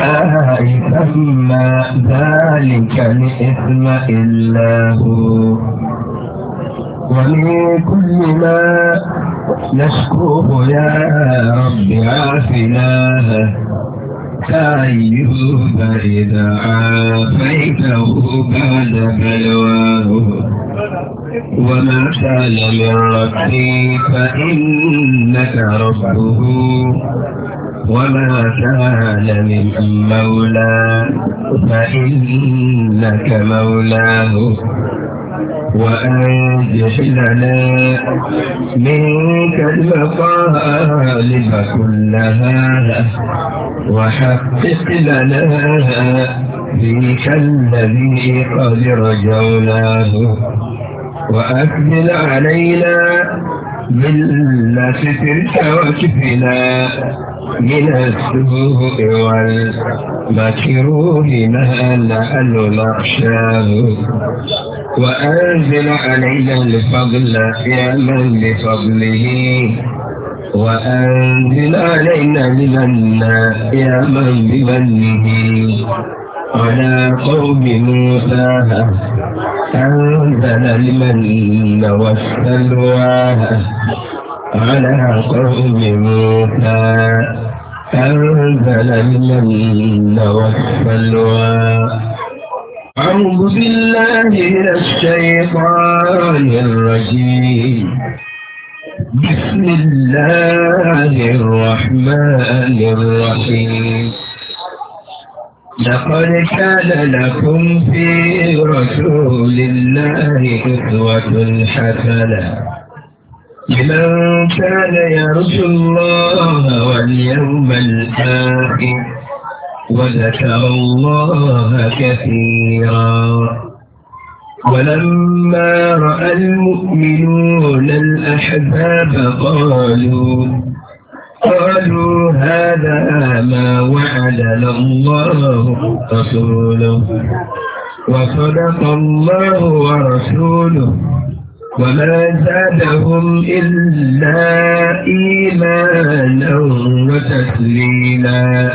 فما ذلك الإثم إلا هو ومن كل ما نشكوه يا رب عافناه كأيوب إذا عافيته بعد بلواه وما كان من ربي فإنك ربه وما كان من مولى فإنك مولاه وأنجح لنا منك المطالب كلها وحقق لنا فيك الذي قد رجوناه وأكمل علينا ملة تلك وكفنا من السوء والمكروه ما لأن نخشاه وأنزل علينا الفضل يا من بفضله وأنزل علينا المنا يا من بمنه على قوم موسى أنزل المن والسلوى على قوم موسى أنزل المن والسلوى أعوذ بالله من الشيطان الرجيم بسم الله الرحمن الرحيم لقد كان لكم في رسول الله أسوة حسنة لمن كان يرجو الله واليوم الآخر وذكر الله كثيرا ولما رأى المؤمنون الأحباب قالوا قالوا هذا ما وعدنا الله رسوله وصدق الله ورسوله وما زادهم إلا إيمانا وتسليما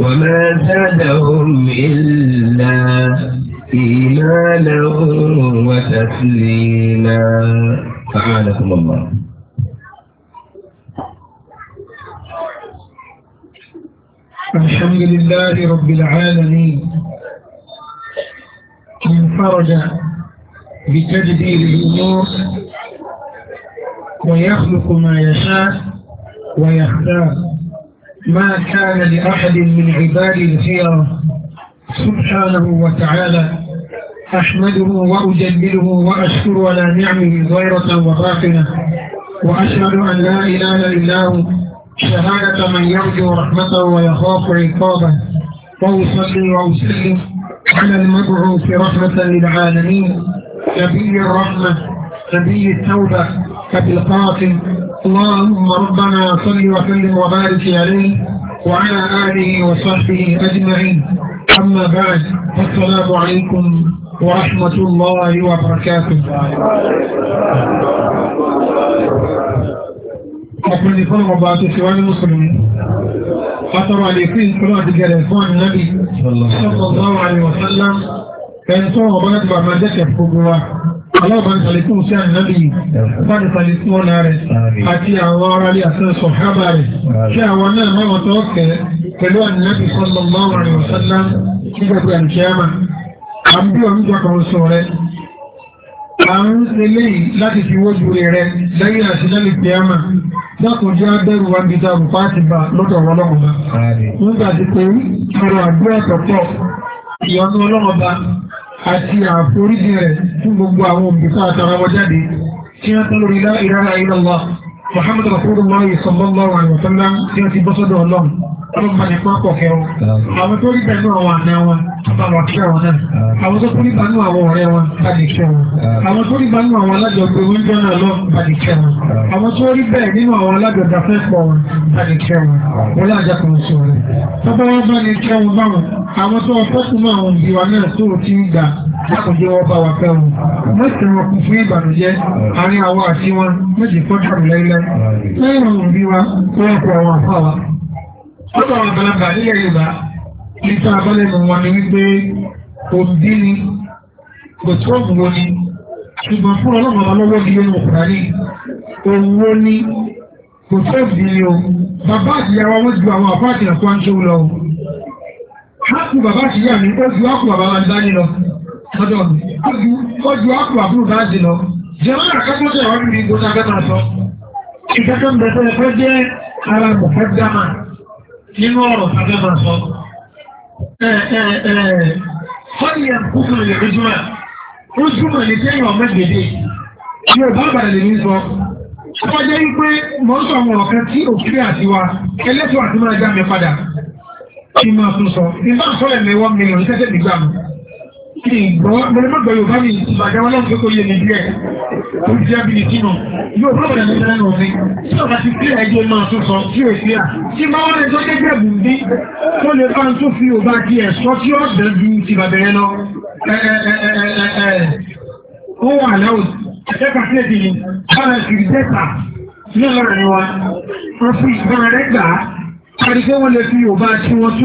وما زادهم إلا إيمانا وتسليما فعالكم الله الحمد لله رب العالمين من فرج بتدبير الأمور ويخلق ما يشاء ويختار ما كان لأحد من عباد الخيرة سبحانه وتعالى أحمده وأجلله وأشكر على نعمه غيره وباطنة وأشهد أن لا إله إلا هو شهادة من يرجو رحمته ويخاف عقابه فأصلي وأسلم على المبعوث رحمة للعالمين نبي الرحمة نبي التوبة أبي القاسم اللهم ربنا صل وسلم وبارك عليه وعلى آله وصحبه أجمعين أما بعد السلام عليكم ورحمة الله وبركاته ọkùnrin nìkan ọba tó ṣe wá ní mùsùlùmí látọrọ àlèkú ìkúrò àti gẹ̀rẹ̀ fún ànínábì sallallahu alaihi wa sallam ẹni tó ọba láti bàbá jẹ́kẹ̀ gbogbo wa aláàbá ń sàlẹ̀ fún sí ànínábì láti sàlẹ̀ fún ọ̀nà rẹ̀ àti àwọn ará lè àti sọ̀hábà rẹ̀ kí àwọn náà máwọn tó kẹ̀ pẹ̀lú ànínábì sallallahu alaihi wa sallam nígbàgbé àlùkíyàmà Dákùn jẹ́ abẹ́rù wa bí dáàbù pàtì bá lọ́dọ̀ ọlọ́run bá. Nígbà tí pé ọrọ̀ àdúrà tọ̀pọ̀, ìyọnú ọlọ́run bá àti àforíjì rẹ̀ fún gbogbo àwọn òbíkà àtàràwọ̀ jáde tí wọ́n tán lórí lá ilaha illallah. Muhammadu Rasulullah sallallahu alaihi wa sallam tí wọ́n ti bọ́ sọ́dọ̀ ọlọ́run ọlọ́mọdé máa pọ̀ kẹrọ. Àwọn tó rí bẹ̀rù àwọn àná wọn, àbàwọ̀ kí àwọn náà. Àwọn tó rí bẹ̀rù àwọn ọ̀rẹ́ wọn, bàdì kẹ́ wọn. Àwọn tó rí bẹ̀rù àwọn alájọgbé wíńdò náà lọ, bàdì kẹ́ wọn. Àwọn tó rí bẹ̀rù nínú àwọn alájọgbà fẹ́ pọ̀ wọn, bàdì kẹ́ wọn. Wọ́n lájà kan sọ rẹ̀. Tọ́ba wọn bá ní kẹ́ wọn báwọn. Àwọn tó fọ́kùn mọ́ àwọn ìwà náà tó ti ń ọ̀dọ̀ àwọn àgbàlagbà nílẹ̀ Yorùbá nípa abọ́lẹ̀mù wọn ni wípé òbí ni kò tó òwò ni ṣùgbọ́n fún ọlọ́run ọba lọ́wọ́ bí lórí òkúrání òwò ni kò tó òbí ni o bàbá àtìyàwó wọn ju àwọn àbá àtìyà kó ń tó lọ o hákù bàbá àtìyà mi ó ju hákù bàbá wa dání lọ lọ́dọ̀ mi ó ju hákù àbúrò dáàdì lọ jẹ́wọ́n àkẹ́kọ̀ọ́ tẹ̀wọ́n mi ní gbọ́dọ̀ àgbẹ̀ náà sọ ìkẹ́kọ̀ọ́ nínú ọ̀rọ̀ tàbí máa sọ. Fọ́nìyàn kúkúrò lè rújúmọ̀. Rújúmọ̀ ní sẹ́yìn ọmọ gbèdé. Ní ọ̀bá àbàrà lè ní sọ. Ó jẹ́ wípé mọ́ sọ àwọn ọ̀kan tí òkúrẹ́ àti wa, ẹlẹ́tọ̀ àti máa já mi padà. Kí máa tún sọ. Ìbá sọ́lẹ̀ mẹ́wọ́ mi lọ sí tẹ́tẹ́ nígbà mi ìgbọ́ mẹ́rẹ́mọ́gbọ̀ Yorùbá mi ìbàjẹ́ wọn lọ́wọ́ tó yé mi díẹ̀ tó jẹ́ bí ìtìnà yóò bọ́bọ̀ ní ìlànà òfin tí ọba ti pílẹ̀ ẹjọ́ máa tún sọ tí ó sí à tí máa wọ́n lè tó gẹ́gẹ́ bù ní tó lè bá ń tó fi òbá di ẹ̀ṣọ́ tí ó wọ́n fi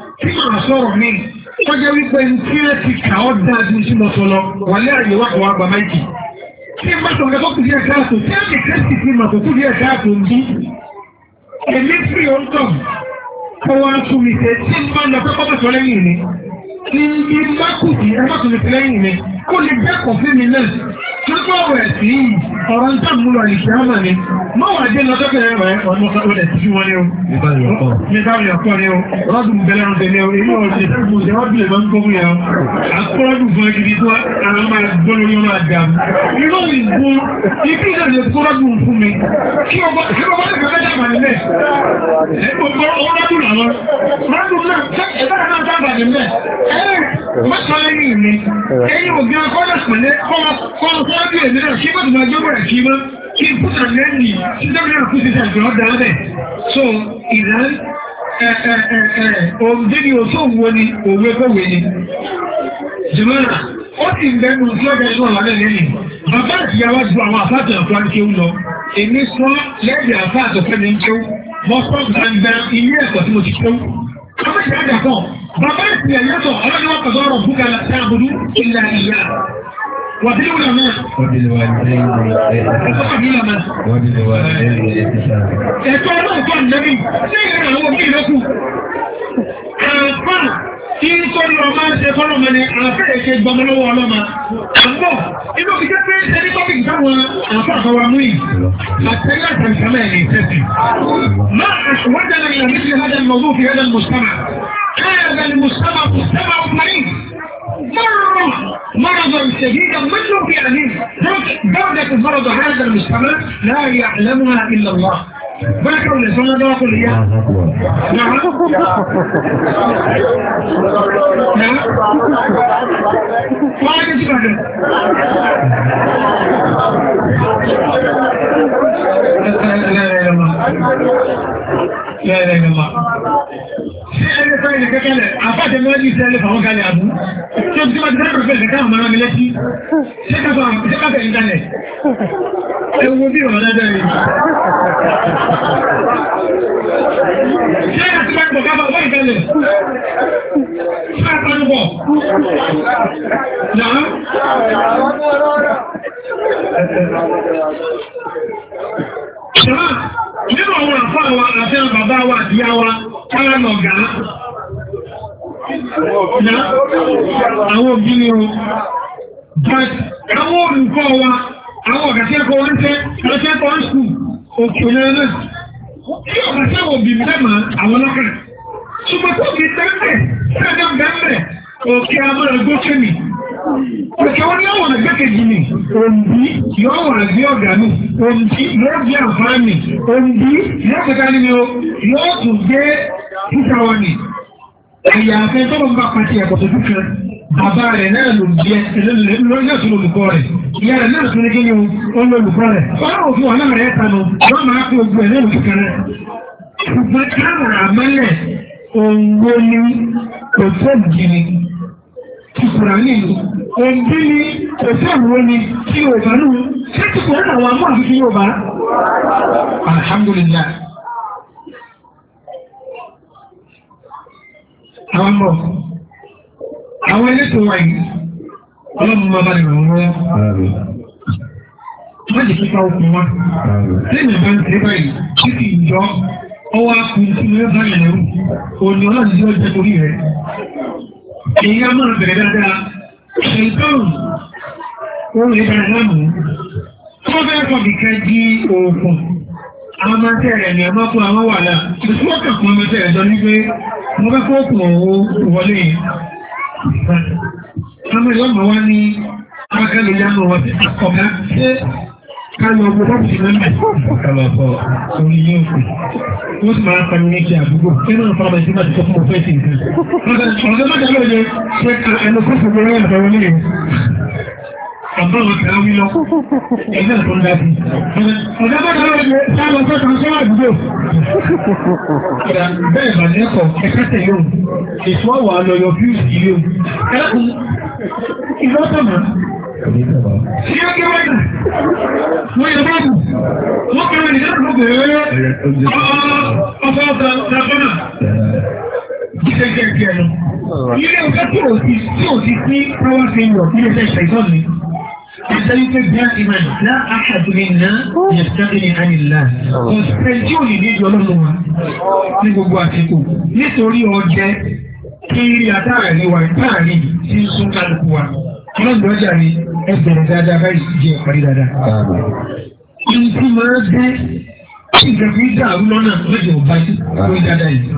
tí kò sọ̀rọ̀ mi tó jẹ́ wípé tí ẹ ti kà ọ́ dáadé sí mo sọ lọ wà lé àyè wà kọ́ àgbà máìkì tí ẹ bá sọ̀rọ̀ tó kù díẹ̀ káàtó tí ẹ ti tẹ́sì sí màtó kù díẹ̀ káàtó ń bí èmi fi òun tọ̀ kó wá tún mi tẹ́ tí ń bá lọ pé kọ́ bẹ̀ sọ lẹ́yìn mi tí ń bí má kù sí ẹ má tún mi tẹ́ lẹ́yìn mi kó lè dẹ́kun fún mi náà tó tó ọ̀rọ̀ ẹ̀sìn yìí ọ̀rọ̀ ń tàn mú lọ ìṣẹ́ ọmọ mi má wà dé lọ sọ́kẹ́ rẹ̀ ọ̀nà ọ̀dẹ̀ tí wọ́n ní o. nígbà yọ̀ kọ́ ní o rọ́dùn bẹ̀rẹ̀ ọ̀dẹ̀ ní o inú ọ̀dẹ̀ tó kù ṣe rọ́dùn ìbọn kó fún yà ó. àkọ́rọ́dùn fún ẹgbẹ̀rẹ̀ tó àwọn máa gbọ́ lórí ọmọ àdá. inú ìgbó ibi náà lè kó rọ́dùn fún mi kí ọba kí ọba lè fẹ́ dàgbà nílẹ̀. ọ̀rọ̀dùn àwọn rọ́dùn náà ẹ̀dá náà dàgbà nílẹ̀. ẹ̀ẹ́n gan kọ́lá pẹ̀lú kọ́lá bí èmi náà kí bá ti máa jẹ́ bẹ̀rẹ̀ kí mọ́ kí n pútà lẹ́nì tí dẹ́gbẹ̀rẹ̀ kú ti sàgbẹ̀ ọ́dà ọ́dẹ̀ so ìlàn òǹdé ni òṣò wo ni òwe kọ́wé ni jùmọ́nà ó sì ń bẹnu tí ọ̀gá inú ọ̀la lẹ́nu ni bàbá ìyàwó ju àwọn àfáàtì ọ̀pá ń kéwú lọ èmi sọ lẹ́yìn àfáàtì ọ̀pá ń kéwú mọ́ sọ́ọ̀gbà ń bẹ ilé ẹ̀kọ́ tí mo ti kéwú Bàbá ìsìn ẹ̀yọ́tọ̀ ọlọ́ni wọ́n kọ̀dọ̀ ọ̀rọ̀ búkà láàbùdú ìlà ìyá. Wàbílẹ̀ wọn náà. Wàbílẹ̀ wọn náà. Wàbílẹ̀ wọn náà. Wàbílẹ̀ wọn náà. Ẹ̀tọ́ ọlọ́ọ̀tọ́ ìlẹ́bí ṣé ìrìn àwọn òbí ìlẹ́kù? Àǹfààní tí ń sọ́rí ọmọ ń ṣe fọ́lọ́mọ ni àǹfààní ṣe gbọmọ lọ́wọ́ ọlọ́mọ. Àǹbọ̀ inú fi jẹ́ pé ẹni tọ́pì táwọn àǹfààní wa mú yìí. Àtẹ́lẹ̀ àtàǹkàmẹ́ ẹ̀ ní ìtẹ́sì. Máa àṣùwọ́jà náà ìlànà هذا المجتمع مجتمع مريض مرض مرضا شديدا منه في أهله درجة مرض هذا المجتمع لا يعلمها إلا الله بكر الإنسان ده يقول إيه؟ نعم نعم ما kalẹ̀ àfáàtẹ̀ mẹ́rin ìṣẹ́lẹ̀ fàwọn kalẹ̀ àbú tí ó ti máa ti fẹ́ pẹ̀lú ẹ̀kẹ́ àwọn ọmọ ilé tí ṣé káfẹ́ ìdálẹ̀ ewu bí ọ̀rọ̀ lẹ́dẹ̀ rí ṣé àti pẹ́pọ̀ káfà wọ́n ìdálẹ̀ ṣé àtàlùbọ̀ náà ṣe máa nínú àwọn àfáà wa àti àwọn bàbá wa àti yá wa kára lọ̀gá àwọn òbí ni o but àwọn olùkọ́ wa àwọn ọ̀gàṣẹ́kọ̀ọ́ ránṣẹ́ ránṣẹ́kọ̀ọ́ ránṣù òkèlè náà tí ọ̀gàṣẹ́wò bí mẹ́mà àwọn lọ́kàn ṣùgbọ́n tó bí tẹ́lẹ̀ tẹ́lẹ̀ bẹ́ẹ̀ òkè amúnagbóṣe mi òkè wọn yóò wọ̀n gbẹ́kẹ̀jì mi òǹdí yóò wọ̀n gbé ọ̀gá mi òǹdí yóò gbé àǹfààní mi òǹdí yóò gbẹ́kẹ̀jì mi yóò tún gbé títà wọn ni ìyá afẹ́ tọ́lọ̀ ń bá pàtí ẹ̀kọ̀tọ̀ dúkẹ́ bàbá rẹ̀ náà ló jẹ́ lórí náà tún olùkọ́ rẹ̀ ìyá rẹ̀ náà tún ní kí ni ó ń olùkọ́ rẹ̀ ọlọ́run òfin wà náà rẹ̀ tanu wọ́n máa kó ogun ẹ̀ náà lùkẹ́ rẹ̀ ṣùgbọ́n káwọn àmọ́lẹ̀ òǹgbò ni kò tó jìnnì tìkùrà ní ìlú òǹgbò ni kò tó ìwò ni tí Yorùbá nù ṣé tìkùrà náà wà mọ́ àfi Yorùbá alhamdulillah àwọn mọ̀ àwọn elétò wáyé ọlọ́run máa bá lè wọ́n wọ́n jẹ́ pípa okùn wa lẹ́yìn ìbá ń tẹ́ báyìí títí ìjọ ọwọ́ akùn tí wọ́n bá yẹn lẹ́rù òní ọlọ́run yóò jẹ́ torí rẹ̀ èyí á máa bẹ̀rẹ̀ dáadáa ṣèǹtọ́rùn ohun ìbára láàmú tó bẹ́ẹ̀ kọ̀ bìkẹ́ di òògùn àwọn máa tẹ̀rẹ̀ ní ẹ̀mọ́kùn àwọn wàhálà ìṣúwọ́kàn kan máa tẹ̀rẹ̀ sọ ní pé mo fẹ́ kó pọ̀ wọlé ọmọ ìlọ́mọ̀ wá ní akẹ́lẹ̀ yánú wọn ti kọ̀ọ̀ká ṣe kálọ̀ ọgbọ̀ bọ́ọ̀bù sí mẹ́mẹ́ ọ̀pọ̀lọpọ̀ orí yóò fi wọ́n sì máa pàmì méjì àdúgbò nínú ìfọ̀rọ̀ ìdí máa ti sọ fún mo fẹ́ sí nǹkan ọ̀gá májàlóye ṣe ẹnu fún ìfọ̀rọ̀ ìfọ̀rọ̀ àbúrò tẹ̀lé wí lọ. Ẹgbẹ́ ìfún dábì. Ọ̀dọ́ bá dáwọ́ ilé sáàlọ sọ́kàn sọ́wọ́ àdúgbò. Bẹ́ẹ̀ bà ní ẹ̀kọ́ ẹ̀ka tẹ̀lé òun. Èso ó kí wọ́n Wọ́n sí power ilé iṣẹ́ ìṣẹ̀gbọ́n Àtẹ́lípé bí a ti máa lá àkàdúrí náà yẹ sábẹ́ni ànílá. Òṣìṣẹ́ tí ò ní ní ìjọ lọ́mọ wa ní gbogbo àsìkò. Nítorí ọjẹ́ kí rí àtàrà ní wa táàrin tí ń sún kálukú wa. Ọlọ́dún ọjà ni ẹ bẹ̀rẹ̀ dáadáa báyìí jẹ́ ìparí dáadáa. Ìlú tí máa dé kí ìgbàgbé dàrú lọ́nà lọ́jọ́ ọba yìí ló dáadáa yìí.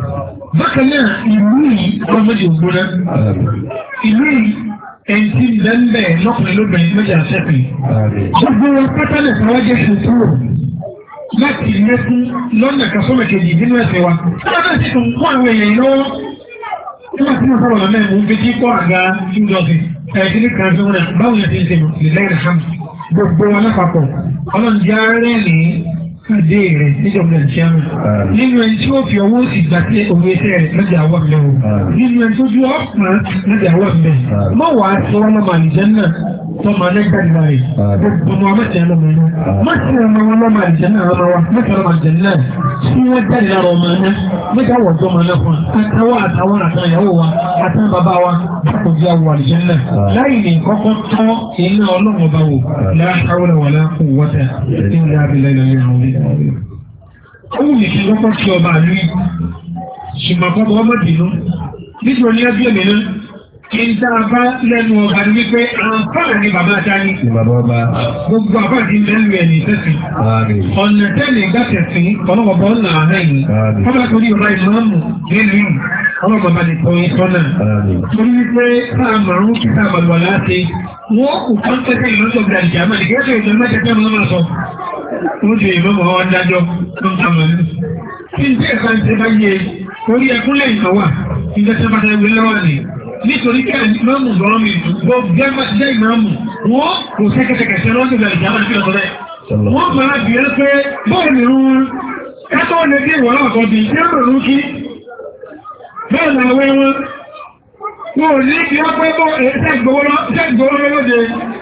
Bákan náà ìlú yìí ọlọ́mọdé ògbóná. Ìlú yìí èyí tí bẹ́ẹ̀ lọ́kùnrin lóbìnrin méjì àṣẹ́fì. gbogbo wọn pátálẹ̀ fún wájú ṣùkúrò láti mẹ́kún lọ́nà kásọ́mọ̀ kejì nínú ẹ̀sẹ̀ wa. wọ́n bá ti tún kọ́ àwọn èèyàn lọ́wọ́ nígbà tí mo sọ̀rọ̀ lọ́nà ẹ̀mú bí kí kọ́ àga ìjọsìn ẹ̀ẹ́dì ní kan fún wọn báwo ni ti ṣe mọ̀ lẹ́yìn hàm gbogbo wọn lápapọ̀ ọlọ́run jẹ́ rẹ́rìn-ín pàdé rẹ̀ níjọba ìṣẹ́ ah. nínú ẹni tí ó fi ọwọ́ sí ìgbà tí òwe ẹsẹ̀ rẹ̀ lọ́jà wà mẹ́ o ah. nínú ẹni tó dúró ọ̀pọ̀ lọ́jà wà mẹ́ ah. mọ́ wàá sọ wọn lọ́mọ àlìjẹ́ náà tọ́mọ nígbà ìgbà rẹ̀ gbogbo mọ́tẹ̀ ọlọ́mọ iná mọ́tẹ̀ ọmọ ọlọ́mọ àjẹ́ náà ọmọ wa mọ́tẹ̀ ọmọ àjẹ́ náà tí wọ́n jáde lára ọmọ iná mẹ́ta wọ̀ tọ́mọ náà fún àtàwọn àtàwọn àtàwọn ìyàwó wa àtàwọn bàbá wa kò fi àwọ̀ àjẹ́ náà láì ní kọ́kọ́ tọ́ iná ọlọ́mọ bá wò láàárọ̀ wà láàkùn wọ́tẹ̀ tí wọ́n dábì lẹ́yìn àwọn ọmọ ìdáàbá lẹ́nu ọba ní wípé àǹfààní bàbá dání. Gbogbo àbá ti lẹ́nu ẹ̀ ní sẹ́sìn. Ọ̀nà tẹ́lẹ̀ gbàtẹ̀ sí ọlọ́mọba ọ̀nà àárín. Bàbá torí ọba ìmáàmù nílùú yìí, ọlọ́mọba ní tọ́yìn tọ́nà. Torí wípé sáà màrún kí sáà màlúwà láti, wọ́n kò kán tẹ́tẹ́ ìlọ́jọ̀ gbà ìjà àmàlì gẹ́gẹ́ ìjọ mẹ́tẹ́tẹ́ mọ́ máa sọ. Ó ti ìmọ̀mọ̀ wọn dájọ́ tó ń tàmà ní. Kí n tẹ́ ẹ̀ka ń nítorí pé ìmáàmù lọ́rọ́ mi gbogbo jẹ́ ìmáàmù wọ́n kò sẹ́kẹsẹkẹ sí ọlọ́sẹ̀ ìgbàlẹ̀ ìjàmbá ní kílọ̀ tọ́lẹ̀ wọ́n máa bìí pé bọ́ọ̀ ni rún kátó lè dé ìwọ̀n náà tọ́bi tí ó rún kí bẹ́ẹ̀ ni àwẹ́ wọn wọn ò ní kí wọ́n pẹ́ bọ́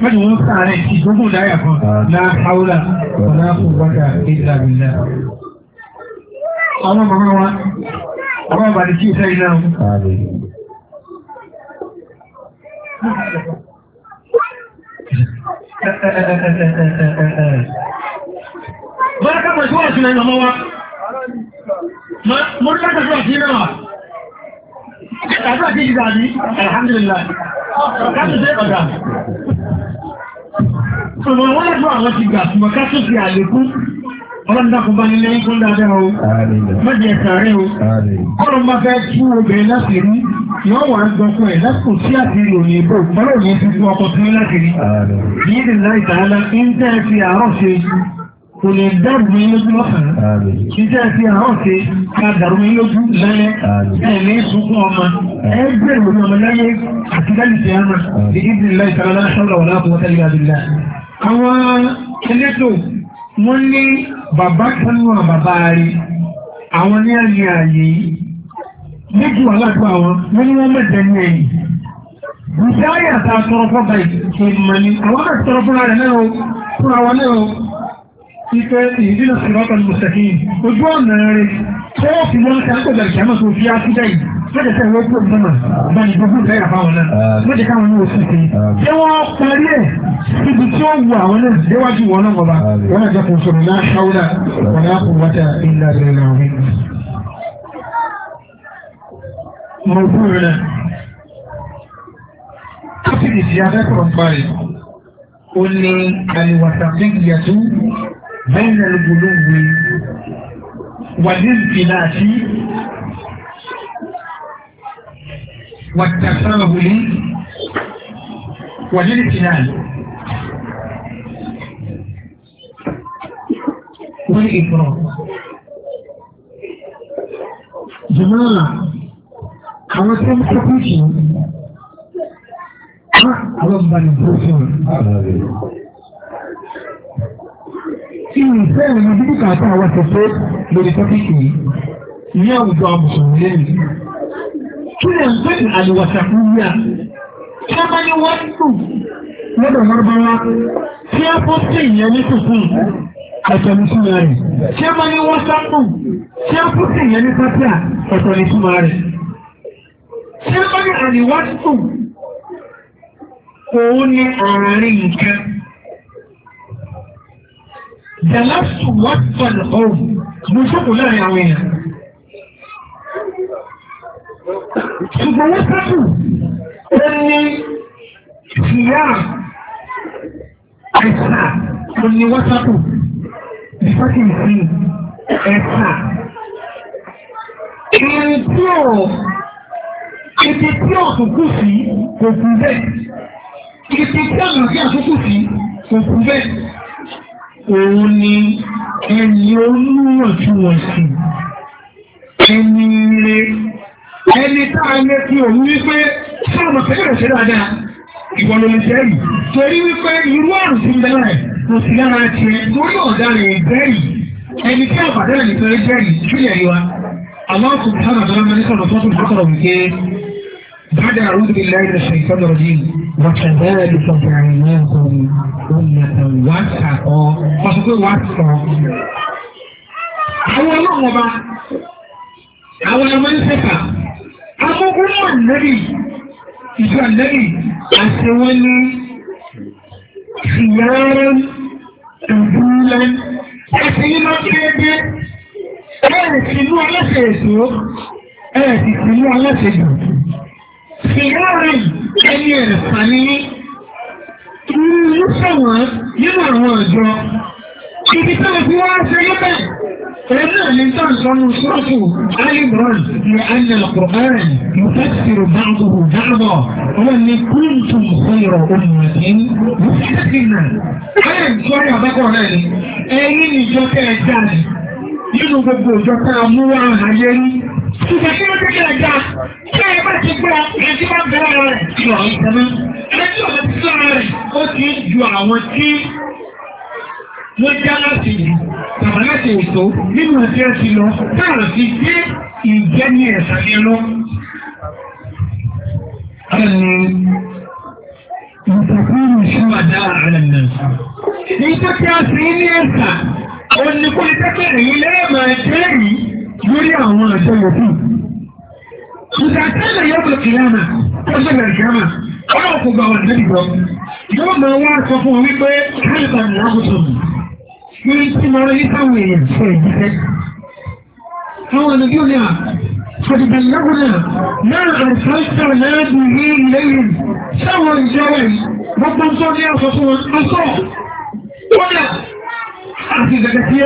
mọ́jú wọn sáré ti gbogbo dáyà kan náà haúlà náà kò wájà ìlà ìlà. Àwọn màmá wa, àwọn àbàdì kí ìfẹ́ iná wọn. Bọ́lá ká pẹ̀lú ọ̀sùn ẹ̀yìn ọmọ wa. Mọ́rí ká pẹ̀lú ọ̀sùn ẹ̀yìn ọmọ wa. Àdúrà kí ìgbà ní, alhamdulillah. Ká Sọ̀rọ̀ wọ́n lẹ́gbọ́n àwọn ti gbà fún ọkà tó fi àlékún. Ọlọ́dún kò bá ní lẹ́yìn kún dáadáa o. Mọ́jẹ ẹ̀sàrẹ́ o. Kọ́lọ́ máa fẹ́ tú obìnrin láti rí. Yọ́ wà ń gbọ́kọ̀ ẹ̀ lásìkò sí àti ìròyìn ìbò. Bọ́lá òní ti fún ọkọ̀ tó ní láti rí. Yíyí láì tààlà kò lè dábì ní lójú lọ́sàn-án iṣẹ́ ti àwọn ṣe ká dàrú ní lójú lálẹ́ ẹ̀mí sunkún ọmọ ẹ bẹ̀rẹ̀ lórí ọmọ láyé àti dáìsẹ̀ ọmọ ní ìdílé ìtàlọ́lá ṣọ́lọ̀ wọ̀lá àbúkọ́ tẹ́lẹ̀ àdìlá àwọn elétò wọ́n ní bàbá kanú àbàbá rí àwọn ní àyè àyè méjì wà látọ̀ àwọn náà ipe ìdílé sọ̀rọ̀tọ̀ mùsẹ̀kín ojú ọ̀nà rẹ̀ tó fi wọ́n ká kó bẹ̀rẹ̀ kẹ́mọ̀ tó fi á sí dẹ́yìn lọ́dẹ̀ tẹ́ ìwé púpọ̀ mọ́mà bá ní gbogbo ìfẹ́ àbáwọn náà lọ́dẹ̀ káwọn ní oṣù tí ṣé wọ́n parí ẹ̀ síbi tí ó wu àwọn náà déwájú wọn náà wọba wọn náà jẹ́kùn sọ̀rọ̀ náà ṣáwúrà wọn náà kò wájà ilẹ̀ rẹ̀ náà wí. mo bú rẹ̀ káfíìsì abẹ́kọ̀ọ́ parí ó ní àlèwàsà بين الغلو والانفلات والتساهل والامتنان والإكرام جماعة àwọn tí wọ́n kọ́kọ́ sí ìfẹ́ ìrìn bíbí kàtà àwọn ṣẹṣẹ lórí tọ́pìkì yìí ní àwùjọ àmùsùn lẹ́yìn. kí lè ń pè ní àlùwàṣà fún yíyá kí wọ́n bá ní wọ́n tù lọ́dọ̀ lọ́rọ́bọ́wá tí a fọ́ sí ìyẹn ní tuntun ẹ̀tọ̀ni súnmọ́ rẹ̀ tí a máa ní wọ́n sápùn tí a fọ́ sí ìyẹn ní pápá ẹ̀tọ̀ni súnmọ́ rẹ̀ tí a máa ní àníwá tuntun òun ni àárín The last jẹ̀lẹ́sù from home. mú ṣòkò láàrin àwọn èèyàn ṣùgbọ́n wọ́n sábù ó ní ìyá ẹ̀sà ó ní wọ́n sábù ìfọ́sí ìsìn ẹ̀sà ìrìn tí ò ibi tí ọ̀tùnkù sí kò kú bẹ́ẹ̀ ibi tí ọ̀tùnkù sí kò kú bẹ́ẹ̀ òun ni ẹni olúwọ̀ntúnwọ̀nsì ẹni ilé ẹni táa lé fi òun wípé sáàmù fẹ́rẹ̀ ṣe dáadáa ìwọ̀lọ́lẹ́sẹ̀ yìí torí wípé irú àrùn sí bẹ́rẹ̀ kò sí lára ti ẹ torí ọ̀daràn ìbẹ́rì ẹni tí àbàdàn nìkan jẹ́rìí sílẹ̀ yìí wa àwọn kò sábà bẹ́rẹ̀ mẹ́rin sọ̀rọ̀ sọ́tún sọ́tọ̀ wípé بعد أعوذ بالله من الشيطان الرجيم وكذلك جعلناكم أمة وسطا فصدق وسطا àwọn ọlọ́run ọba àwọn ọmọ ìṣẹ́fà akọ́kọ́rọ́ ànẹ́bì ìjọ ànẹ́bì àti wọ́n ní ṣìyàrán ìbúlẹ̀ ẹ̀sì iná déédé ẹ̀ẹ̀sì inú aláṣẹ èso ẹ̀ẹ̀sì inú aláṣẹ ìgbàgbọ́ ìrọ̀rùn ẹni ẹ̀fà ní irú sọ̀wọ́n nínú àwọn ọ̀jọ́. Ibi tó ti wá ṣe níbẹ̀, òun náà ní tán sọnù sọ́ọ̀tù Alibron ní Anna Kùrọ̀rẹ̀ Mùsàtìrì Báńkùrù Dáàbọ̀, wọ́n ní kúntùm fẹ́rọ̀ olùmọ̀tín Mùsàtìrì náà. Báyọ̀ ìṣọ́rí àbákọ̀ náà ni, nínú gbogbo òjò tá a mú wá àyè ní. Ìgbà tí wọ́n tẹ́kẹ̀ ẹja, ṣé ẹ bá ti gbọ́ ẹ ti bá bẹ̀rẹ̀ rẹ̀ ti rọ̀ ń tẹ̀lé. Ẹ tí ọ̀rẹ́ ti sọ́ra rẹ̀, ó ti ń ju àwọn tí wọ́n já láti ìlú, tàbí láti èso nínú ìdí ẹ ti lọ, táà ti gbé ìjẹ́ ní ẹ̀sà ní lọ. Ẹni ìtàkùn ìṣúwàdá àrẹ̀ náà. Ní tó kí a sì ní ẹ̀sà òun ni kó ìtẹ́kẹ̀ èyí lẹ́ẹ̀mọ̀ ẹ̀jẹ̀ yìí lórí àwọn àṣẹ yòókù. Ìgbàtẹ́lẹ̀ yóò bọ̀ kìláàmà, ó ṣẹlẹ̀ ìgbàmà, ọlọ́run kò gba ọ̀rọ̀ níbi gbọ́. Yóò máa wá sọ fún wọn wípé káyọ̀tà ní àgùtò mi. Ní tí mo rí sáwọn èèyàn ṣe ìdíṣẹ́. Àwọn ọ̀nà yóò ní à, ṣèdìbẹ̀ lọ́gùnà náà àìsànṣà náà dùn ní ilé yìí. Sáwọn ìjọ rẹ̀, gbogbo ń tọ́ ní àṣọ fún wọn, aṣọ. Wọ́n àti gẹ́gẹ́ sí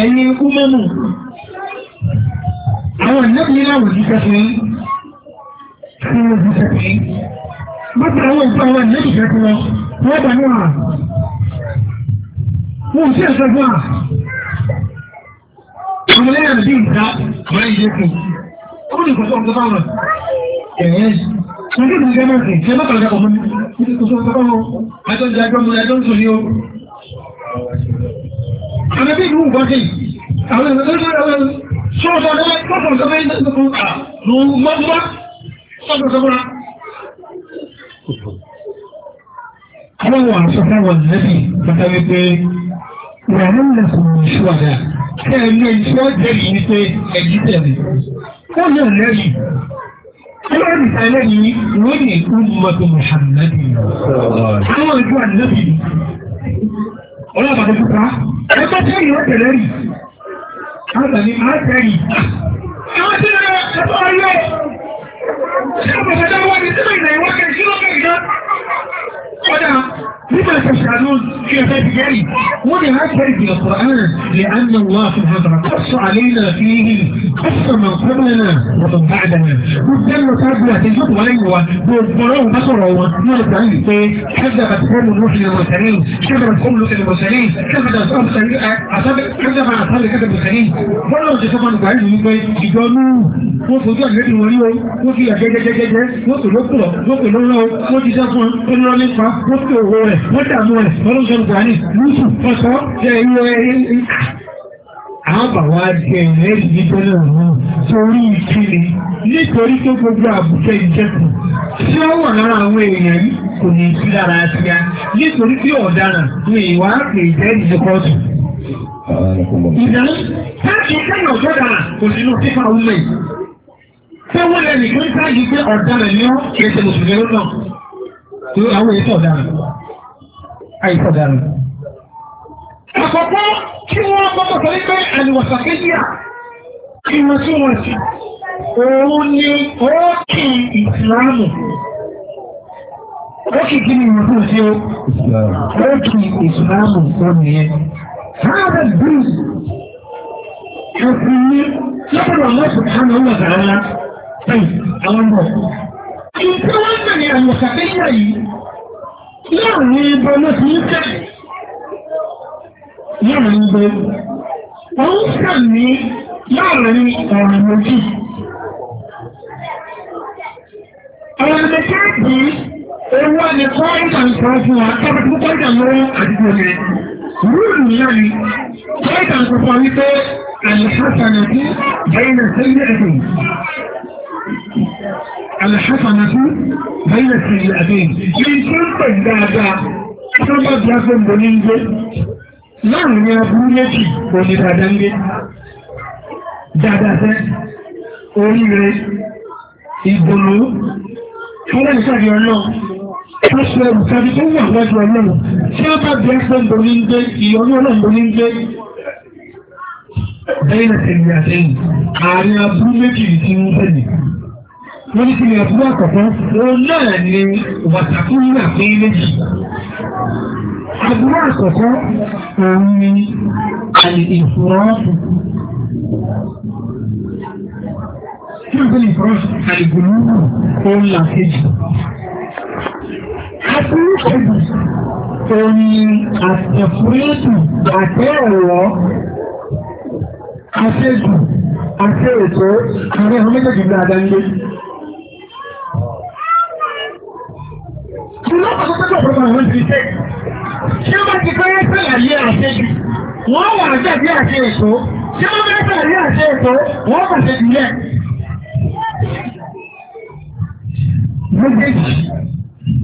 ẹ̀yìn kúmọ́mù àwọn ìlẹ́bí láwọn òjíṣẹ́ fún yí tí wọ́n jíṣẹ́ fún yí bọ́tí àwọn ìfẹ́ àwọn ìlẹ́bí fẹ́ fún wọn wọ́n bá ní wà wọ́n sí ẹ̀sẹ̀ fún àwọn ilé ẹ̀rọ ìta Ṣé kí ìjẹ́ mẹ́rin ṣe mọ́kànlá jẹ́ ọmọ ní ìṣẹ́ ọmọ ẹjọ́ jẹ́ ọmọ ẹjọ́ ń sùn ní o. Àwọn ẹbí ìlú nǹkan sí, àwọn ẹgbẹ̀rẹ̀ ṣọ́ọ̀ṣọ́ ọjọ́ pọ́pọ̀ nǹkan mẹ́rin lọ́kùn àrùn mọ́gbọ́ sọ́dọ̀ sọ́gbọ́ra. Àwọn wà sọ́fẹ́ wọ̀ lẹ́sìn pátá wípé wà ní lẹ́sùn ìṣúwàdà kẹ́ẹ̀lú ìṣúwàdà yìí Ìlọ́rin ìtàlẹ́ yìí wọ́n ní ìmọ̀tò Mùhàmmadi. Àwọn ìjọ àdínábì ni. Ọlọ́pàá tó kúta, ẹgbẹ́ tí ìwọ́ tẹ̀lẹ́ rí. Àwọn ìtàlẹ́ لما تفعلون في باب القران لان الله سبحانه قص علينا فيه قص من قبلنا ومن بعدنا والجنه تبلى تجد وليوه بالضروره بصره نرد عنه كذبت قوم نوح للمرسلين كذبت قوم لوط للمرسلين كذبت قوم كذب اصحاب كذب المرسلين ولو جسما بعيد من بيت يجونوا وفضل الذي وليه fi ẹ̀ gẹ́gẹ́gẹ́gẹ́ wọ́n pè lókùrọ̀ wọ́n pè lọ́rọ̀ wọ́n ti sẹ́ fún un lọ́rọ̀ nípa wọ́n pè owó rẹ̀ wọ́n dààmú rẹ̀ wọ́n sọ gbà ní lùsù ọ̀sọ́ jẹ́ ìwọ ẹ̀yẹ àbàwà jẹ ẹ̀rẹ́ ìdíjẹ́ náà mú torí ìkiri nítorí tó gbogbo àbúkẹ́ ìjẹ́kù tí ó wà lára àwọn èèyàn yìí kò ní sí lára sí a nítorí tí ọ̀daràn ní ìwà àpè ìjẹ́ ìdíkọ́tù ìdáná táàkì kẹ́yìn ọ̀gọ́dà kò sínú pípa ọmọ yìí Ṣé wọ́n lè nìkan ní sáàjì pé ọ̀daràn ni ó kìí ṣe mùsùlùmí lọ́nà? Ṣé àwọn èyí sọ̀daràn? Àyè sọ̀daràn. Àkọ́kọ́ kí wọ́n kọ́kọ́ sọ wípé àlùwàsàkéjìà ìwọ̀ntúnwọ̀nsì òun ni ó kì ìsìláàmù. Ó kì kí ni ìwọ̀ntúnwọ̀nsì ó? Ó kì ìsìláàmù ó nìyẹn. Hàrà bíi ẹ̀sìn ní lọ́pọ̀lọpọ̀ mọ́sùn àwọn bọ̀. Ìjọ wọn nà ní àlùkàtẹ́yà yìí láàrin ibo ló ti ń ká. Láàrin ibo, wọ́n ń sàmì láàrin ọ̀rọ̀ méjì. Ọ̀rọ̀ méjì kì í owó ni kọ́ńtà ń sọ fún wa tọ́pẹ́ tó kọ́ńtà lọ́wọ́ àdúgbò rẹ̀. Rúùlù náà ni kọ́ńtà ń sọ fún wa wípé àlùfáà sànà sí bẹ́ẹ̀ náà sẹ́yìn ẹ̀sìn alhassanatu bẹ́yẹ̀ sí ìyàdín ní tó ń pè dáadáa tó bá bí a fẹ́ mbọ̀ ní ń gbé láàrin aburú méjì òní dáadáa ń gbé dáadáa fẹ́ oríire ìgbòló fúnlẹ̀ ìsàdì ọlọ́ Aṣọ ìsàdì tó wà lọ́jọ́ ọlọ́run tí ó bá bí a mbọ̀ ní ń gbé ìyọ́nú ní ń gbé ìyàdín àárín aburú méjì tí ń fẹ́ nìkan wọ́n ní kí ni ẹ̀fún àkọ́kọ́ òun náà ni wàtàkùn ní àpín méjì àbúrò àkọ́kọ́ òun ni àlè ìfúrọ́ọ̀tù kí ló ní ìfúrọ́ọ̀tù àlè gbòmùnù òun là kejì àbúrò kejì òun ni àtẹ̀fúrẹ́tù àtẹ̀wọ̀ àtẹ̀jù àtẹ̀ètò àwọn ọmọ méjèèjì gbé adáńgbé. tí wọ́n bá pẹ́pẹ́ pẹ̀lú àwọn ìṣiṣẹ́ ṣé wọ́n ti fẹ́ sàlàyé àṣejù wọ́n wà jẹ̀bi àṣẹ ètò ṣé wọ́n fẹ́ sàlàyé àṣẹ ètò wọ́n wà jẹ̀bi yẹn. méjèèjì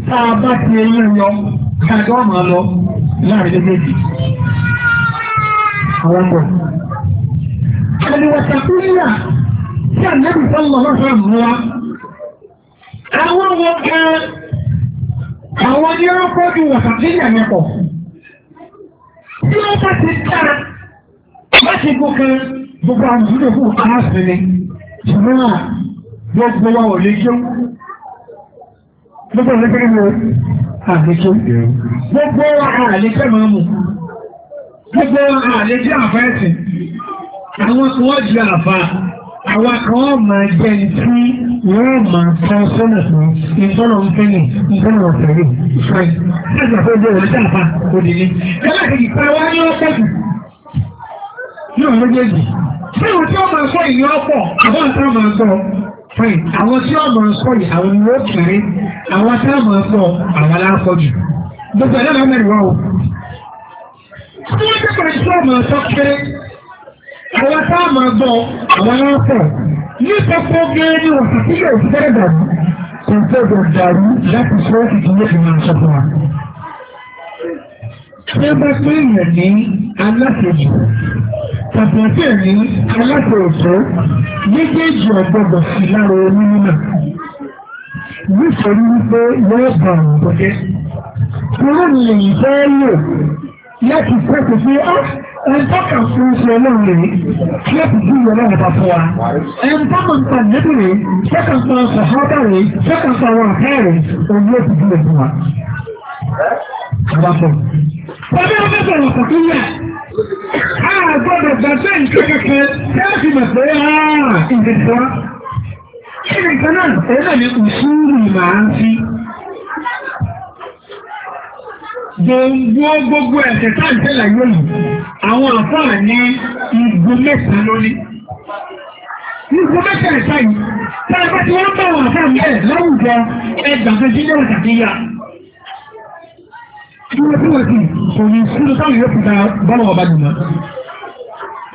tá a bá ti eyín lọ kájọ́ máa lọ láàrin méjèèjì. àwọn bọ̀. àlùwàtà tó níyà tí àlẹ́bí sọ́lọ́ lọ́sọ̀rọ̀ mú wa. àwọn wọn gan-an àwọn ní ó pọ́jú wọ̀sàtíyà mẹ́pọ̀. Tí ó bá ti dára, bá ti gbogbo gbogbo àwọn ìdílé fún aláàfin ni, ṣùgbọ́n náà gbogbo wa ò lè jó. Gbogbo ìlẹ́gbẹ̀rẹ́ mi àlejò. Gbogbo wa àlejò máa mú. Gbogbo àlejò àfẹ́sìn. Àwọn kan wọ́n yóò máa tọ́ sọ́nà fún ìtọ́nà ń fẹ́ ní ìtọ́nà ọ̀fẹ́ rẹ̀ fẹ́. Ṣé ìgbàgbọ́ jẹ́ òní sàǹfà òdì ni? Ẹgbẹ́ kejì pé wá ní ọ̀pọ̀ jù yóò méjèèjì. Ṣé ìwé tí ó máa sọ ìyẹn ọ̀pọ̀ àwọn nǹkan máa sọ? Fẹ́ẹ̀ àwọn tí ó máa sọ yìí àwọn ni ó kéré àwọn tí ó máa sọ àwọn aláfọ jù. Gbogbo ẹ̀dá máa mẹ́rin wá o. Ṣé wọ́n ti pẹ̀lú tí ó máa sọ kéré? Àwọn tí ó máa gbọ́ àwọn aláfọ ní gbogbo gẹ́gẹ́ ní oṣù tí yóò fi fẹ́rẹ̀ dàrú kò gbọdọ̀ dàrú láti fọ́ ìdílé fi máa sọ fún wa. Ṣé bá pé èèyàn ní aláṣejù tàbí ẹ̀fẹ́ ní aláṣẹ òṣó méjèèjì ọ̀gbọ̀dọ̀ sí lára orí nínà? Nítorí wípé yóò bà ń bọ́jẹ́. Kúrò ní èyí fẹ́ lò láti pẹ́ pé pé á ah, Ẹ̀ntọ́kà fún ṣe ọlọ́run rèé, kí ẹ kùkú ìwọ náà bá fún wa. Ẹ̀ntọ́kà ń pa níbi rèé, ṣẹ́kà ń pa ṣàhádà rèé, ṣẹ́kà ń pa àwọn àfẹ́ rèé, òun yóò kùkú ìwọ fún wa. Àbáfọ́. Bàbá ọmọ sọ̀rọ̀ kò tún yà. A gbọ́dọ̀ gbàgbé nǹkan kẹ̀kẹ́ láti mọ̀ pé ààrùn ìdìbò. Kí ni kan náà? Òun náà ni òṣùrù màá ń gbogbo gbogbo ẹ̀sẹ̀ táìsẹ́lẹ̀ yóò lù àwọn àfáà ní igbó mẹ́sàn lórí igbó mẹ́sàn ẹ̀sẹ̀ yìí tẹ́lẹ̀ bá ti wọ́n bá wọn àfáà mẹ́rẹ̀ láwùjọ ẹgbà tó jí lẹ́wọ̀n tàbí yá ìwọ̀n tí wọ́n sì kò ní sínú táwọn yóò fi bọ́lọ̀ ọba jùlọ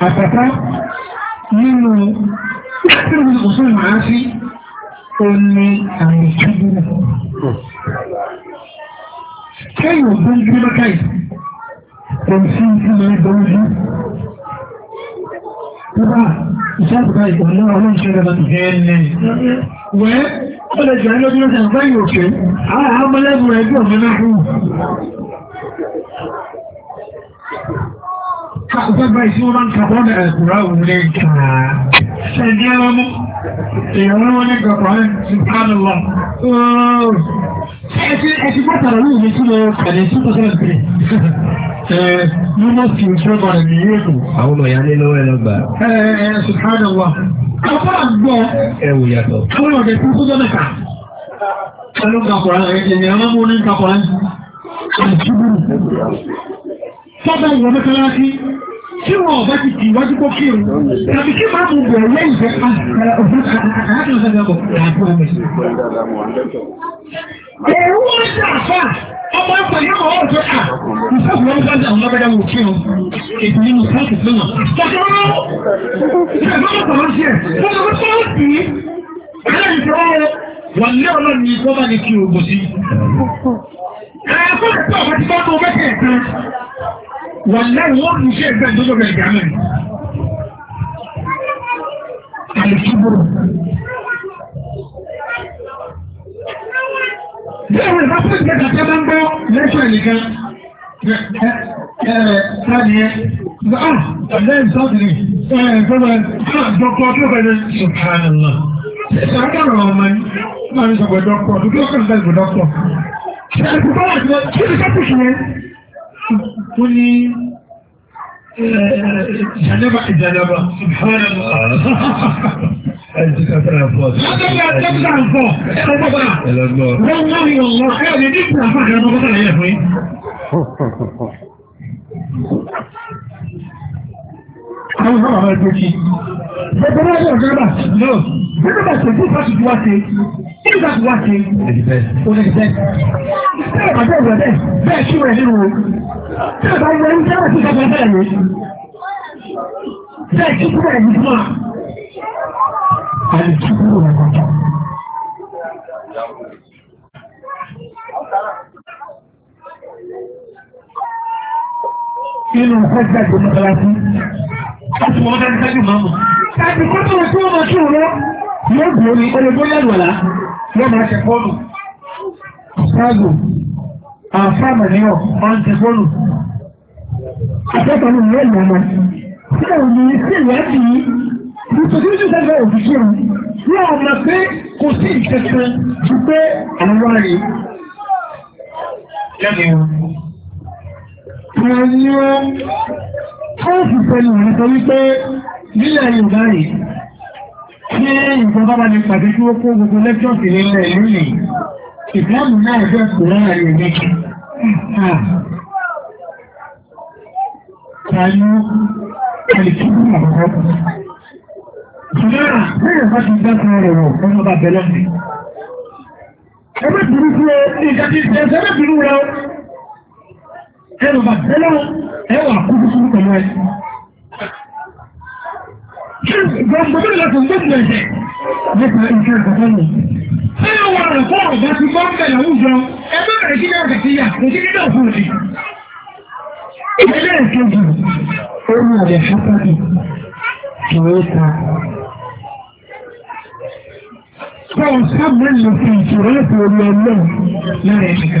àpàtà nínú ìṣẹ́lẹ̀ òṣèlú àá sí òní àmì ìṣẹ́lẹ̀ kéèyàn tó ń gbé lọ́kà yìí kò sí ìfúnni ìdánwò Bàbá ìṣàbùkà ìgbà náà ọlọ́ṣẹ́ rẹ̀ láti fẹ́ ẹ̀lẹ́. Wẹ́ ó lè jẹ́ lójú lọ́sẹ̀ àgbá ìròkè, àwọn ọmọlẹ́bùn rẹ̀ gbọ́ mẹ́lá fún. Kàkùkẹ́gbà ìsí wọ́n máa ń kàbọ́ ní ẹ̀kùrá òun lè kàá. Ṣẹ̀dí ẹ̀sìn pàtàkì lóyún mi tí mo kàdé sí tó sọ́nà tìrì. Ní mo fi ìṣọ́gbọ̀n rẹ̀ ní yéèkù. Àwọn ọmọ ìyá nínú ẹ̀ lọ́gbà. Ẹ ẹ subhanallah. Ọ̀pọ̀ àgbọ̀. Ẹ wù yàtọ̀. Àwọn ọ̀dẹ̀ tó sọ́jọ́ mẹ́ta. Ẹnu kàkọ̀rọ̀ ẹ̀yìn ọmọ mú ní kàkọ̀rọ̀ ẹ̀yìn. Àjùbùrù. Sọ́dọ̀ ìwọ̀n mẹ́ta láti tí wọn ọba ti di iwájú kó kí o tàbí kí máa mú bẹ̀rẹ̀ lẹ́yìn fẹ́ pa ọ̀fẹ́ àádọ́ ọ̀fẹ́ ọkọ̀ àbú ọmọ ẹ̀. Èrú wọn ṣe àfà ọmọ ẹ̀fọ́ yẹn wọ́n ọ̀fẹ́ à ìfọ́fù wọn bá dà wọn bẹ́ẹ̀ wò kí o ètò nínú sáàtì fún wọn. Kọ̀kọ́rọ́ ìṣẹ̀gbọ́n kọ̀ọ̀rọ̀ sí ẹ̀ wọ́n lọ sọ́ọ̀tì wọ́n lé ọlọ́run ní kọ́ bá ní kí o gbòsí. Ẹ̀ẹ́dẹ́gbẹ̀ta ọ̀fẹ́ ti bá tó bẹ́ẹ̀ wọ́n wọ́n kìí ṣe ẹgbẹ́ gbogbo ẹ̀gbẹ́ mẹ́rin àìsíbúrò bí ẹ̀rọ ìbá fún ìgbẹ́ kàtà máa ń gbọ́ lẹ́sọ̀ ẹ̀nìkan ẹ̀ẹ́dẹ́gbẹ̀rẹ̀ ọ̀lẹ́ ìsọ́dìrì ẹ̀ẹ́dẹ́gbẹ̀rẹ̀ dọ́kọ̀ tó bẹ̀rẹ̀ sùkàrànlá ìsàkàrọ̀ ọmọ ní máa ń sọ̀gbẹ̀ dọ́kọ̀ tó kí ó kàn كلي آه، جنبا جنبا سبحان الله هذا آه. لا والله والله àwọn náà máa gbé sí. Gbogbo náà yóò gbọ́dọ̀ lọ. Gbogbo náà kò tún fásitì wá sí. Kí láti wá sí? Olùdíjẹ́. Bẹ́ẹ̀ bá bẹ́ẹ̀ bẹ́ẹ̀ bẹ́ẹ̀ kí wọ́n nínú o. Bẹ́ẹ̀ bá wọ́n ń jẹ́ àti ìjọba bẹ́ẹ̀ ni. Bẹ́ẹ̀ láti mọ́ dájú dájú máa mọ̀. láti kó tó tó ọmọ tó rọ yóò gbó ni ó lè gbó lẹ́nu ọ̀la yóò máa ṣe fọ́ọ̀nù. ọ̀sáàgò àfáàmà ni ọ̀ máa ń ṣe fọ́ọ̀nù. akẹ́kọ̀ọ́ ni yóò mọ̀ ọmọ. sílẹ̀ òní sílẹ̀ ẹ̀dì yìí nítorí ojú dájú òfìfì rẹ̀ yóò mọ̀ pé kò sí ìkẹsẹ̀ ju pé àwọn rẹ̀ lẹ́nu fúrúfù pẹ̀lú rẹ̀ tó wípé nílẹ̀ Yorùbá yìí ṣé ìjọba bá ní pàdé tí ó kó gbogbo lẹ́kṣọ̀sì nílẹ̀ lónìí ìfẹ́mù náà jẹ́ kò lára Yorùbá Kàlú Kàlìkìkù ẹ̀rọ bà tẹ́lẹ̀ ẹwà kúrúkúrú pẹ̀lú ẹ̀ gbogbo ìlàtọ̀ gbogbo ẹ̀jẹ̀ nípa ìṣẹ́ ìgbàgbọ́ mi ẹ̀rọ wà rẹ̀ fọ́ ọ̀gá ti bọ́ bẹ̀rẹ̀ wùjọ ẹgbẹ́ rẹ̀ sí ẹ̀rọ kẹ̀kẹ́ yà kò sí nínú òfin òdì ìṣẹ́lẹ̀ ìkejì orí ọ̀dẹ̀ ṣọ́pọ̀dì kì í ta Kọ́ ọ̀sán mẹ́lẹ̀ fún ìṣòro ìfòrò ọlọ́run lára ẹ̀ṣẹ̀ká.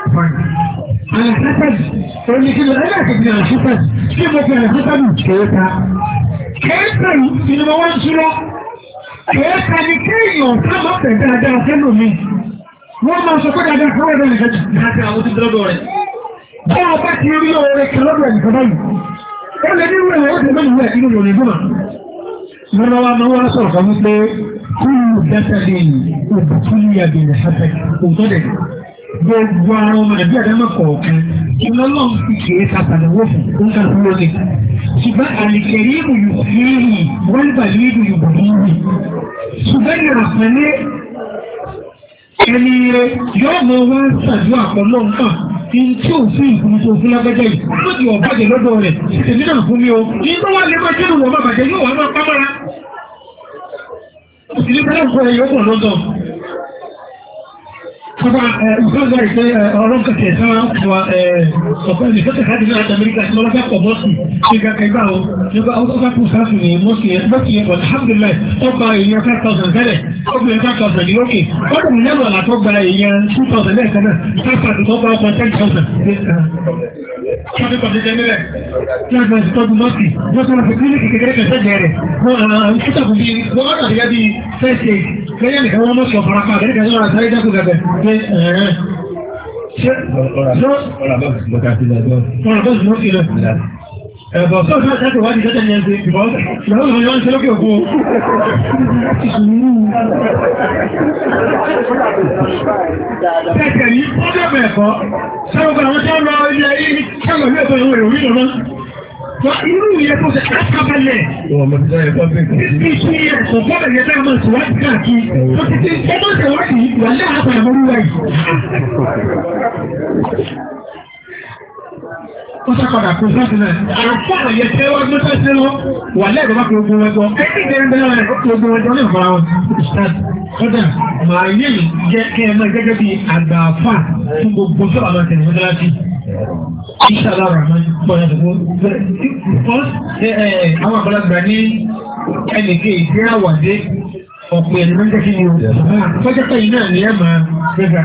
Àlàkátàdì, òun ni kí ló lẹ́yìn àti ìgbìyànjú àṣìpàdì, kí mo fi àṣìpàdì kéèta. Kéèta yìí ni mo wá ń ṣúrọ́. Kéèta ni kéèyàn sábà pẹ̀ dáadáa sẹ́nu mi. Wọ́n máa sọ pé dáadáa fún ọ̀dọ́ nìkan jù. Láti àwọn tí dọ́dọ̀ rẹ̀. Bọ́ ọ bá ti rí oore kan lọ́dọ̀ ẹ̀nìkan báyìí. Ó lè nírú ẹ̀rọ ọdún mẹ́rin wẹ̀ nínú ìròyìn gbọ́mà. Mọ́nà wa máa wá sọ̀rọ̀ kan wípé kúrú dátà lẹ́yìn òbùkúlù yàgbìn gbogbo ara ọmọ ẹ̀bí àdámọ̀ kọ̀ọ̀kan iná náà fi kéré sàtàlẹ́wọ̀ fún nǹkan tó lóde ṣùgbọ́n àlìkẹ̀rí ìlú yóò fi hì wọ́n lè bàlẹ́ ìlú yóò bọ̀ nínú ṣùgbọ́n ìrọ̀sẹ̀ ní ẹni rẹ yóò mọ wá ṣàdúrà pọ̀ náà náà in tí ò fún ìfún tó fún lágbẹ́jẹ́ yìí ó ti ọ̀bàjẹ́ lọ́dọ̀ rẹ̀ èmi náà fún mi o ní tó wà lè máa jẹ́nu wọ́n máa bàjẹ́ yóò wá máa pámára òsì Sọ́pá ìfẹ́lẹ̀ ìfẹ́ ọ̀rọ̀ kẹtẹ̀ ẹ̀sán wa ọ̀pẹ́ ìfẹ́kẹ̀ láti náà Amẹ́ríkà tí wọ́n fẹ́ pọ̀ mọ́sùn tí ga kẹgbà o. Nígbà ó fẹ́ kú sáàtù ní mọ́sùn yẹn, mọ́sùn yẹn pọ̀lá Alhamdulillah, ó gba èèyàn 5,000 tẹ́lẹ̀, ó gba èèyàn 5,000 ní lókè. Ó dùn ní lẹ́wọ̀n àtọ́gbà èèyàn 2,000 lẹ́ẹ̀kan náà, 5,000 tó bá ọkọ̀ 10,000 se se, todo que que kí wọ́n ní kọ̀ọ̀dé jẹ́ nílẹ̀ kí wọ́n ti tọ́jú lọ́sì wọ́n ti wọ́n fi kílíkì kékeré kan sẹ́jẹ̀ rẹ̀ wọ́n kíkà fún bí wọ́n wọ́n dàbí gẹ́bí fẹ́ẹ̀sì lẹ́yìn nìkan wọ́n mọ̀sọ̀ farapa àbẹ́rẹ́ kan lọ́ra sáré dákú gẹ́gẹ́ pé ẹ̀ẹ́ ṣé ọ̀rọ̀ bá Ẹ̀bọ̀ tó ṣe ṣẹ́kọ̀ọ́ wájú tẹ́tẹ̀ ní ẹgbẹ́ ìbọn, ìyàwó ìrìnlọ́wọ́ ń ṣe lókè òkú. Tẹ́tẹ̀ ní ó ẹ̀kọ́, ṣẹ́gbọ́n àwọn tó ń lọ ní ẹ̀kọ́ ìwọ̀n ìròyìn lọ́nà. Irú ìyẹ́ tó ṣe àkábálẹ̀. Ìṣí ẹ̀sọ̀ bọ́ọ̀lù mọ̀ síwájú káàkiri. Mo ti ti ọmọ ìṣèwádìí wà ó tún padà kó fún ìsinmi àrùkọ́ àyè tẹ́ wọ́n tó fẹ́ sí lọ wà lẹ́gbẹ̀ẹ́ bá gbogbo wọn jọ ẹni tẹ́ ń bẹ́rẹ̀ rẹ̀ gbogbo wọn jọ ní ìfara wọn kódà màá yé jẹ́ kí ẹ máa gẹ́gẹ́ bí àgbà fà fún gbogbo tó àwọn tẹ̀lé fún dára sí ìṣàlá ọ̀rọ̀ àmọ́ pọ̀ ní ọ̀dọ̀ àwọn àgbàlagbà ní ẹnì kejì tí a wà dé ọ̀pọ̀ ẹ̀dùn mẹ́jẹ́ kí ni ó fọ́jọ́ pẹ̀yìn náà ní ẹ̀ máa gbẹ́gbẹ́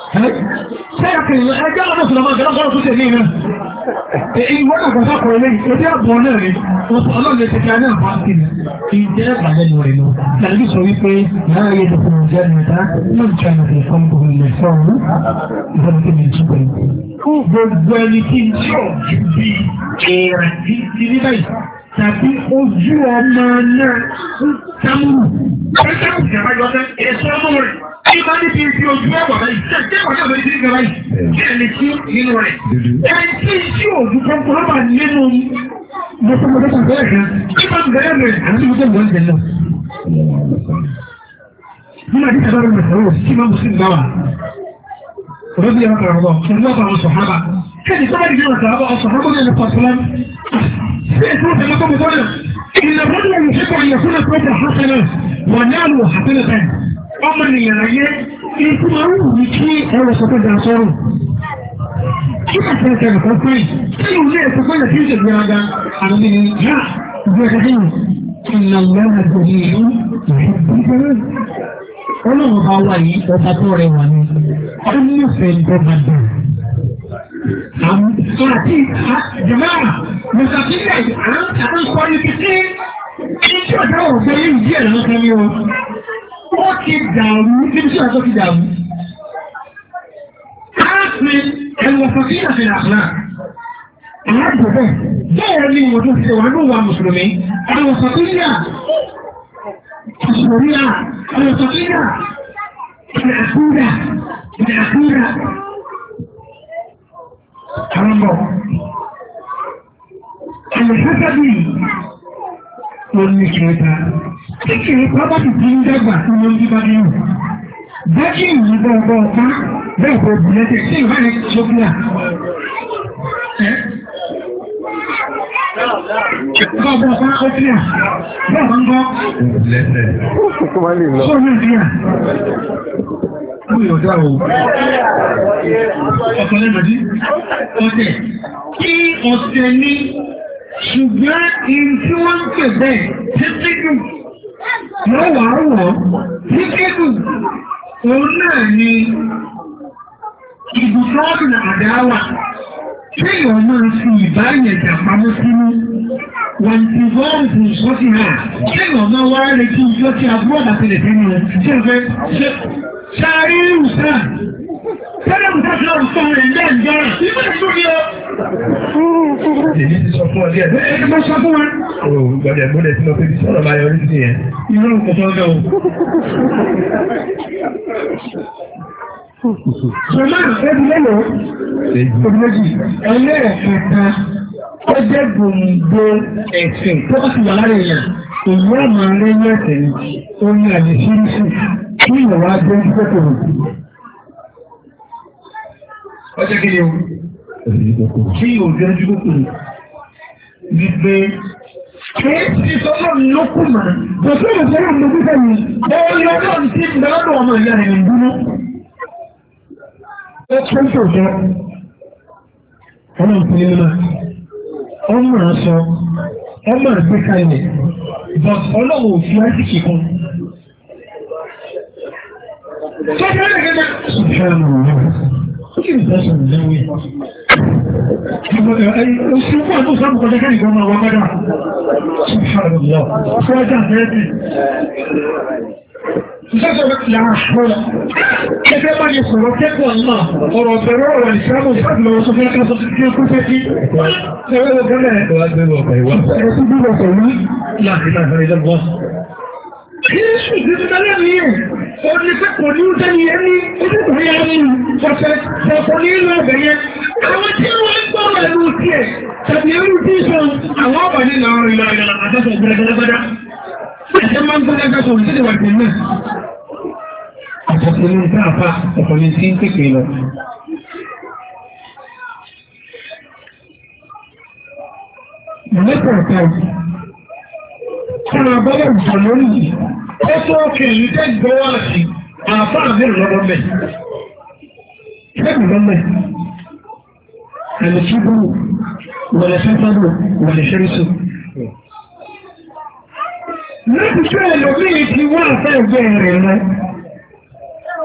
sẹ́yàkì ẹgbẹ́ ọlọ́sùn ọmọ ìgbẹ́lọ́gbọ́n tó ṣe ní ìrìn ìwọ́n àgbàsá kọ̀ ilé ìtẹ́jẹ́ àbọ̀ náà rí ọlọ́lẹ̀ ti kíá náà bá sí ìjẹ́ ìgbàlẹ́nu rẹ̀ lọ tàbí sọ náà yẹ lọ́pọ̀ ìjẹ́ nìta náà jẹ́ àmì fún gbogbo ilẹ̀ sọ́run ìjọba tó lè jí pẹ̀lú. fún gbogbo ẹni tí ń tí ò ju bí Ẹgbẹ́ ní fi fi ojú ẹ̀wọ̀ báyìí, ṣẹ́gbẹ́ ọ̀dọ́ mi ti ń gbẹ báyìí, kí ẹ̀ lè kí nínú rẹ̀. Ẹni tí ìṣí òògùn kọ́kọ́ ló bá nínú mọ́tòmọ́tò kan bẹ́ẹ̀ kan, kí máa ń bẹ̀rẹ̀ rẹ̀ àti mọ́tò mọ́ ń jẹ lọ. Nínú àti sábà rẹ̀ sọ̀rọ̀ kí máa mùsùlùmí bá wà. Ọ̀rọ̀ bí ẹ̀rọ kàrọ̀ bọ̀, ọ̀rọ̀ bá wọn sọ̀hábà. Kẹ́ni sábà ní ìjọba sọ̀hábà ọ̀sọ̀hábà ní ẹ̀rọ pàṣẹlá. Ṣé ètò ìfẹ́ mọ́tò mọ́tò rẹ̀? Ìlẹ̀kùn ni ìṣẹ́kọ̀ọ́ ìyẹ̀kùn náà pẹ̀lú àhásẹ́lẹ̀ wọ̀ ní àlùwọ̀ àtẹ́lẹ̀ bẹ́ẹ̀. ọmọ ènìyàn ayé ikú ọrùn yìí kí ẹrọ sọ pé dà sọ̀rọ̀ kí ẹsẹ̀ ẹsẹ̀ ẹ̀kọ́ pé kí ìwé ẹsẹ̀ pé kí ìṣègbè aga àmì ìyá ìgbé ẹsẹ̀ yìí ìnà lọ́wọ́ gbòmí ìlú ọlọ́run bá wà yìí ọba tó rẹwà ni ó nífẹ̀ẹ́ ìjọba dùn àti jẹ̀mọ́ra mùsàkínlẹ̀ à ń sọ ibi tí ìjọba òfin yìí díẹ̀ lọ́sẹ̀ ni wọn ó ti dàrú níbi tí ọjọ́ ti dàrú. káàpì ẹ̀wọ̀n kan sí ìyàsẹ̀ àfúnà aláàbọ̀bọ̀ bẹ́ẹ̀ ni wọ́n tó ti wà ní ìwà mùsùlùmí ẹ̀wọ̀n kan sí ìyà àṣìwòrí à ẹ̀wọ̀n kan sí ìyà ìyàkúrà ìyàkúrà. àwọn bọ̀ ẹ̀wọ̀n kan sí ìyà ó ní kẹta kíkìrì pápákì tí ń dàgbà tó ló ń bí bájú nù bájú ìlú bọ́ ọgbọ́ ọ̀pá bẹ́ẹ̀ kò bù lẹ́tẹ̀ sí ìwádìí ṣókúlà Bọ́ọ̀bọ̀ ọ̀pá ó fi à, bọ́ọ̀bọ̀ ń gọ́. Ó ní fi à. Ó yọ̀ dá o. Ọ̀pọ̀lẹ́mọ̀dí, ọ̀tẹ̀, kí ọ̀tẹ̀ ní ṣùgbọ́n in tí wọ́n ń pè bẹ́ẹ̀ títíkù yóò wà wọ̀ títíkù òun náà ni ìbùsọ́ọ̀dùn àdáwà kéèyàn máa fi ìbáyẹ̀dà pamọ́ sínú wọ́n ti fọ́ọ̀mù fún sọ́sì náà kéèyàn máa wá retí ìjọ tí a bú ọ̀dà tẹ̀lẹ̀ sínú rẹ̀ ṣé ṣe ṣe àrí ìrùsàn Sẹ́rẹ̀ ìdájọ́ ìtọ́ ìlẹ́ ìjọ rẹ̀, ìbẹ̀ ìsúrí ọ. Èyí ti sọ fún ọdí ẹ̀. Ẹ mọ́ sọ fún ẹ. Ó gbọ́dẹ̀ gbọ́dẹ̀ tí mo fi sọ̀rọ̀ máa yọrí sí ẹ. Irú òkùnkùn ọjọ́ o. Ṣọlá ẹbí lẹ́lọ́, ọdúnlójì, ẹlẹ́ẹ̀kẹta, ó jẹ́ gbòǹgbò ẹ̀sìn tó bá ti wà lára èèyàn, èyí ọmọ rẹ̀ yẹ̀ tẹ̀lé, ó ní àdìsírísì, kí ìwà gbé ń fẹ́ tòun ọjọ́ o kí òjò ẹjú tó kù gbígbé kí sọ́nà ló kù mà kò sí òjò náà ló kúkẹ́ mi bẹ́ẹ̀ ló náà ti ń bẹ́ẹ̀ lọ́dọ̀ ọmọ ìyá rẹ̀ dúró ọmọ ọmọ kí ti àwọn àṣọ́lá, ẹgbẹ́ bá ní sọ̀rọ̀ kẹ́kọ̀ọ́ náà, ọ̀rọ̀ bẹ̀rẹ̀ ọ̀rọ̀ ìṣẹ́mù sáàtì lọ́wọ́ sọ fẹ́ ká sọ fẹ́ kú fẹ́ kí ẹwẹ́ ọgbẹ́lẹ̀ ẹ̀kú bí wọ́pẹ̀ ó ní pé kò ní sẹ́ni yẹn ní ojúkùnrin yẹn ní ṣọ̀ṣẹ̀ ṣọ̀ṣọ̀ ní ìlú ọ̀bẹ̀ yẹn àwọn tí wọ́n ń gbọ́ rẹ̀ lù sí ẹ̀ tàbí irú tí sọ àwọn ọ̀bà ní ìlànà ìlànà ìlànà àtọ́sọ̀ gbẹ̀rẹ̀gbẹ̀rẹ̀gbẹ̀dá ẹ̀ṣẹ̀ máa ń gbẹ̀rẹ̀gbẹ̀ sọ̀rọ̀ sí ìwà ìpínlẹ̀ àtọ́sọ̀ ní ìtàfà ọkùnrin sí ń pèpè lọ Mọ̀lẹ́kọ̀ọ̀kan, kọ́nà bọ́lá ìjọ lónìí ó tó kìrì tẹ́ gbọ́wọ́ àti àfáà mẹ́rin lọ́wọ́ mẹ́ mẹ́rin lọ́wọ́ mẹ́ ẹ̀lẹ́síbú wẹ̀lẹ́sẹ́fẹ́lú wẹ̀lẹ́sẹ́rẹ́sọ láti tó ẹlòmíì ti wá àfẹ́ ẹgbẹ́ rẹ̀ lọ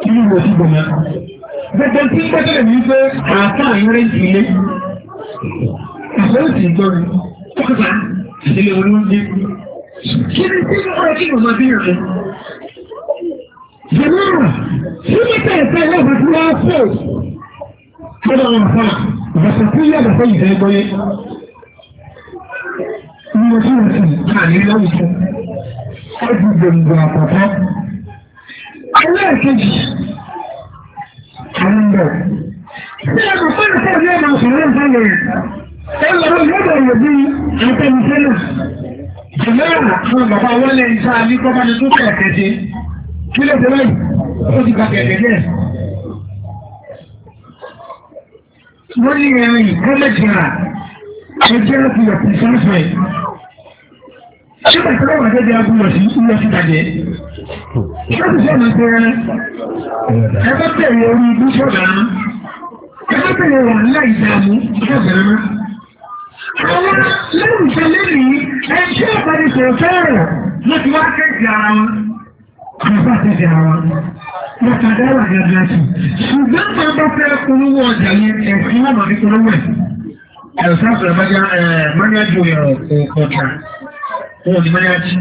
kí ni mo ti bọ̀ mẹ́ gbogbo tí ń gbẹ́sẹ̀ mi pé àfáà yẹrẹ ń tilé àfẹ́ òsì gbọ́rin ó kọta ìdílé olóńgbé Kí ni tí ó rẹ̀ kí mo máa bí rẹ̀? Jẹ̀mọ́rù, tí ó tẹ̀ ẹ̀fẹ́ lọ́bà tí wọ́n fẹ́ ọ̀dọ̀ wọn fà, ìgbàsẹ̀ tí yàgbà fẹ́ ìfẹ́ gbọ́yé. Mo tí wọ́n sì kà ní láwùjọ, ó ti gbòǹgbò àpapọ̀. Ẹlẹ́ẹ̀kejì, àwọn bọ̀. Ṣé ẹ̀kọ́ fẹ́ ìfẹ́ ìfẹ́ máa sọ̀rọ̀ ìfẹ́ lẹ̀? Ẹ lọ́rọ̀ yóò bẹ̀rẹ̀ bí àtẹnifẹ́ náà ìlérò ẹgbẹ́ tẹ̀lé orí ibi ṣọ̀dá ẹgbẹ́ tẹ̀lé wà láì dààmú ṣọ̀dá àwọn lẹ́rùfẹ́ lẹ́rìí ẹjẹ́ ìbánisọ̀rọ̀ fẹ́rẹ̀ ló ti wá kẹ́kì ara wọn àbúrò àtẹ́sì ara wọn lọ́kàdá wà ní ọdún ẹ̀sùn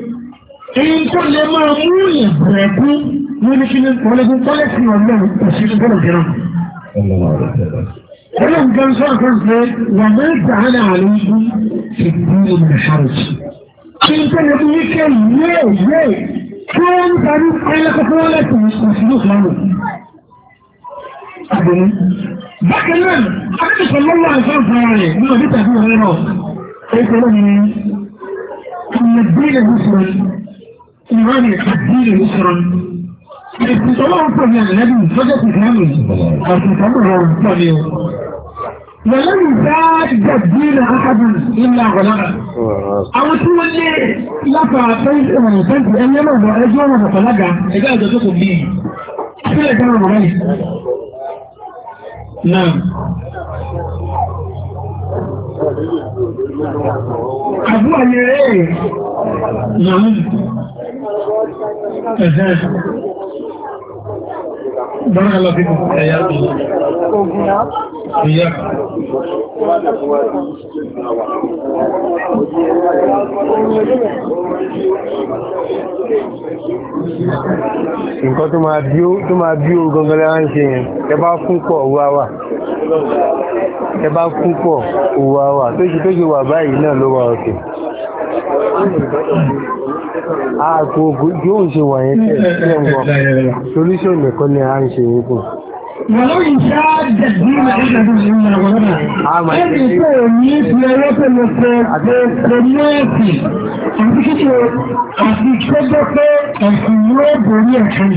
èyí tó lè máa mú yàn bẹ̀rẹ̀ kú wọ́n ní kí ni wọ́n lè fi tọ́lẹ̀ sí ọlọ́run òsì ní bọ́ọ̀lù jẹ́rán. ọlọ́run kan sọ̀rọ̀ kan pé wà máa ń gbà á náà àlọ́ ikú ti kú ní nàìjíríà. kí n tẹ́lẹ̀ bí wíkẹ́ yé yé kí wọ́n ń ní ìlànà. àbẹ̀mí. bákan náà akẹ́kọ̀ọ́ lọ́wọ́ àìsàn rẹ̀ ní ọdún إيمان يحبين مصرا الاستطلاع الثاني أن يجب فجأة كامل أرسل تمر الثاني ولم يساعد الدين أحد إلا علاقة أو شو اللي لفع طيب إيمان يسانت أيما وإيجي وما تطلقع إذا أجدتكم بي كل جانا مرأي نعم أبوه يا إيه نعم Bọ́nà lọ bí mọ̀ ẹ̀yà bí ìyá. Nǹkan tó máa bí ó tó máa bí ó gangan lára ń ṣe yẹn, ẹ bá fún pọ̀ owó àwà. Ẹ bá fún pọ̀ owó àwà. Tó ṣe tó ṣe wà báyìí náà ló wà ọ̀kẹ́ ààbò yóò ṣe wà yẹn tẹ́lẹ̀ ń bọ̀ solution nìkan ni a ń ṣe yẹn kù. Màlọ́ ìṣá dẹ̀bí ìmọ̀ ìṣẹ́jú ṣe ń lọ wọ́nà. Ẹni pé òní ti ẹlọ́pẹ̀ lọ pé pé mẹ́ẹ̀sì àti kíkẹ́ àti kẹ́gbẹ́ pé ẹ̀sìn yóò borí ẹ̀kan.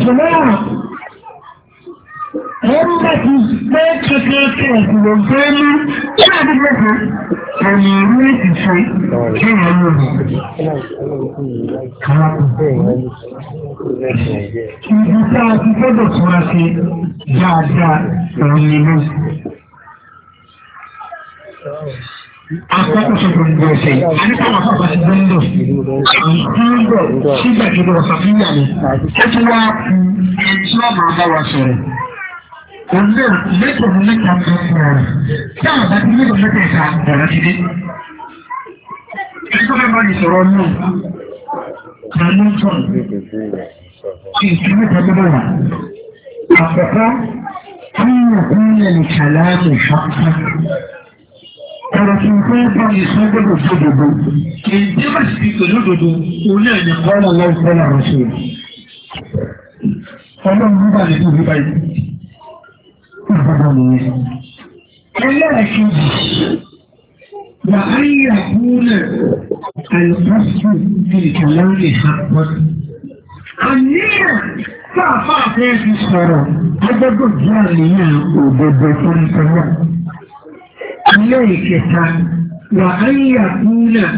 Jùmọ́ra, ẹ̀ ń ẹni irú ìtìṣe kí èèyàn lò ní. Ibi tí a ti gbọ́dọ̀ túnra ṣe dáadáa òun ni lọ. Akọ́kọ́ ṣe gbogbo ẹ̀ṣẹ̀ yìí, a ní káwọn àpapọ̀ ti gbẹ́ndọ̀, àìgbẹ́ndọ̀ sígbàgbẹ́dọ̀ ọ̀sán fún ìyàlẹ̀, ó tún wá ẹni tí wọ́n máa bá wa sọ̀rọ̀. Òǹdè mẹ́tò fún mẹ́ta ń bọ̀ fún ọ̀rọ̀. Táà bá ti mẹ́tò mẹ́ta ìta ọ̀rọ̀ ti dé. Ẹni tó fẹ́ bá ní sọ̀rọ̀ náà, kàá ló ń tọ̀. Ìṣẹ́ mẹ́ta ló bọ̀ wà. Àkọ́kọ́, kí ni kí ni ẹni kàlá mi ṣọ́kọ́? Ọ̀rọ̀ tí ń fẹ́ bá mi sọ Ọlọ́run bá lè dùn ní báyìí. àkọ́kọ́ nìyẹn ẹlẹ́ẹ̀kejì wà á yà kúrẹ̀ àlùfáàfù bí ìkàláwì àpọ́n àníyàn fáfáà fẹ́ fi sọ̀rọ̀ agbẹ́gbẹ́ jẹ́ àníyàn òdodo tó ń tọ́lọ̀ ẹlẹ́ẹ̀kẹta wà á yà kúrẹ̀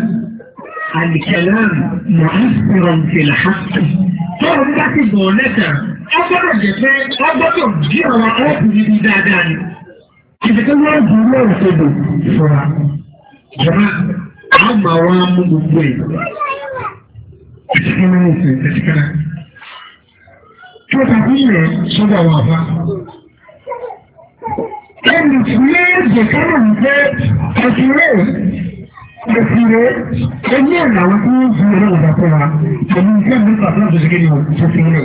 àlùkàláwì mọ̀ á sọ̀rọ̀ ìfẹ̀lẹ̀ àpọ́n tó ń bá ti bọ̀ lẹ́tà ó gbọ́dọ̀ jẹ́ pé wọ́n gbọ́dọ̀ bí ọ̀rọ̀ ọkùnrin ní dáadáa ni. Kìsì pé wọ́n bu ilé ìṣèlú fúnra. Jọba àwọn ọmọ wa mú gbogbo ẹ̀. Ìṣèkínà ń sè ìṣèkínà. Tí o tàbí yẹ sọ́dọ̀ wà fá. Ẹnì tí ní ìjẹ̀kánà ń pẹ́ ẹ̀sìnrẹ́ ẹ̀sìnrẹ́ ẹ̀yẹ́ ìlànà tó ń fi ẹ̀rọ ìdàpọ̀ wa. Ẹ̀mí ìjẹ́ mi pàtó àtúnṣe kéde ìwọ̀n tó fi ń rẹ̀.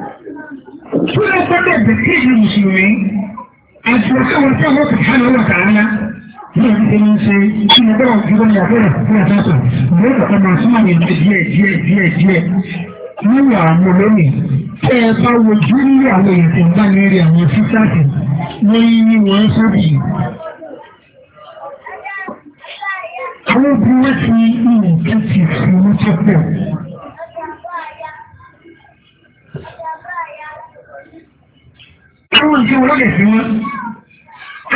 Súra gbọ́dọ̀ bẹ̀rẹ̀ ìlú Mùsùlùmí àti ọ̀káwọn tí ọmọ kìí hàn wọ̀ tààlà ní ọdún tí wọn yàgbé wọ́n yí ní wọ́n sóbì. Àwọn obìnrin ti ìwọ̀n tó ti fi owó tó pọ̀. Àwọn ìṣẹ́ wọn lọ́dẹ̀ sí wọn.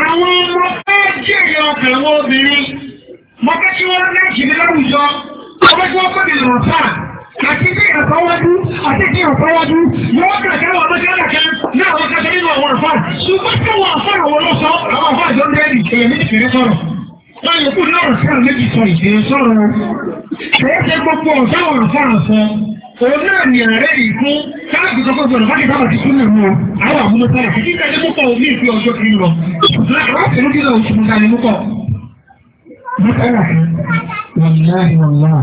Àwọn ọmọ fẹ́ jẹ́rẹ̀ ọkàn àwọn obìnrin. Mo fẹ́ kí wọ́n láti ní láwùjọ. Mo fẹ́ kí wọ́n kọ́ ìlú ọ̀fà. Àti kí ìrànfọwọ́dú àti kí ìrànfọwọ́dú yóò kàkẹ́ wọn lọ́jọ́ àdàkẹ́ náà wọ́n kàkẹ́ nínú àwọn ọ̀fà. Ṣùgbọ́n tí wọ́n àfà àwọn ọlọ́sọ àwọn ọ̀fà ìjọ ń bẹ́ẹ̀rì ìṣẹ̀lẹ̀ méjì fèrè sọ̀rọ̀. Wọ́n yẹ kú náà sí àwọn méjì sọ ìṣẹ̀lẹ̀ sọ̀rọ̀. Ṣèyẹ́ ṣe gbogbo ọ̀fà àwọn ọ̀fà àfọ́ òun náà ni ààrẹ yìí fún sáàbì tó kọjọ ọ̀nà báyìí bábà ti sún náà mú ọ àwọn àmúlò sára kí kíkà ní múkọ òun ní ìfi ọjọ́ kiri lọ láti ló kíkà oṣù múta ní múkọ. Mọ́tàlá wàláhì wàlá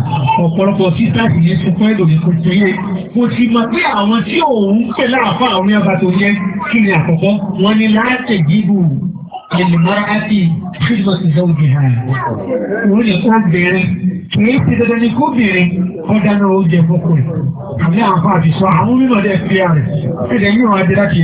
ọ̀pọ̀lọpọ̀ sísáàsì yẹn ti fún ẹlòmí kò tó yẹ mo ti mọ̀ pé àwọn tí òun pè láàfà àwọn ẹ̀fà tó yẹ kí ni àkọ́kọ́ wọn ni láti jíbù ẹ̀lẹ́mọ́ra á ti kíkọ́ sí sọ́ọ̀dì kìí ti dandan ní kóbìnrin ọdáná oúnjẹ fún kò ní àwọn àfàbìsọ àwọn mímọ̀ dẹ́ fi ààrẹ ẹ̀dẹ̀ yíò adé láti